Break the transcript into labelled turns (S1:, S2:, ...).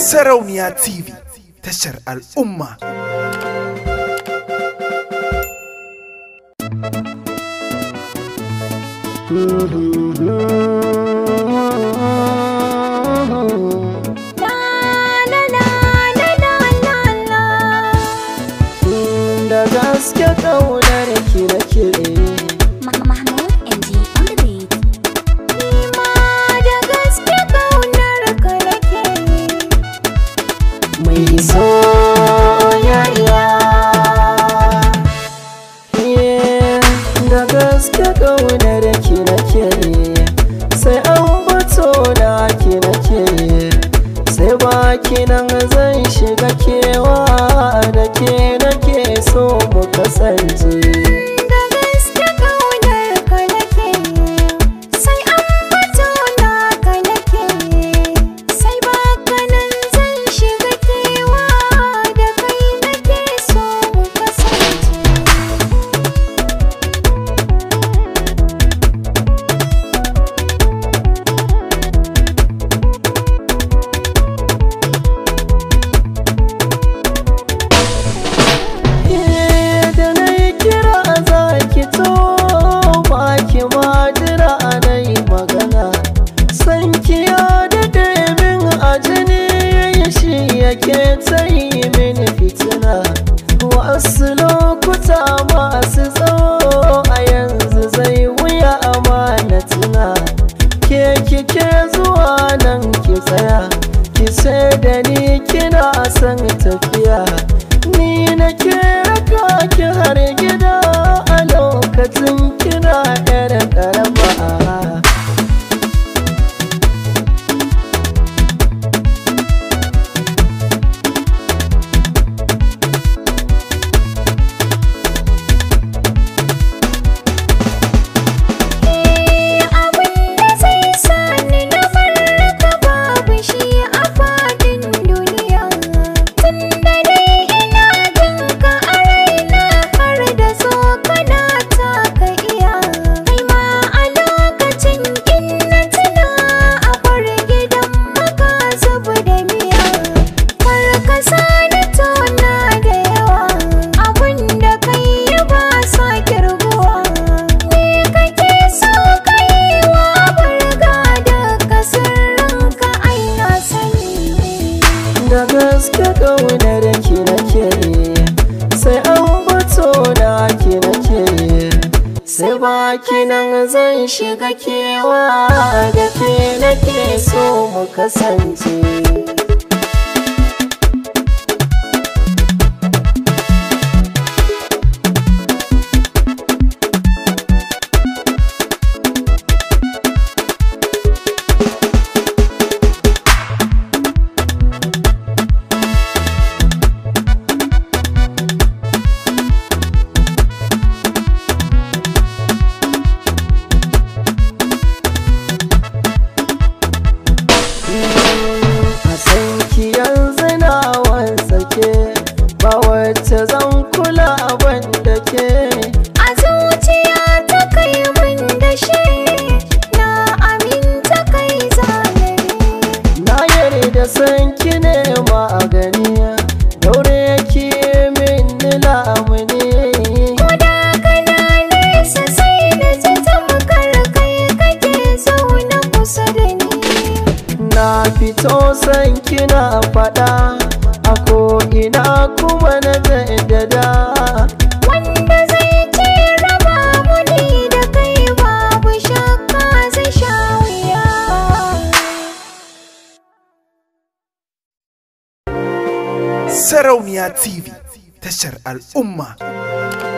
S1: Sarauniya TV tashar al'umma.
S2: Da gaske kawai kike zuwa nan ki tsaya ki sai da ni kina son tafiya baki nan zan shiga kewa da ke nake so mu kasance na fito san kina faɗa a ko'ina kuma na jaddada
S1: wanda zai ce raba muni da kai babu shakka zai sha sarauniya tv tashar al'umma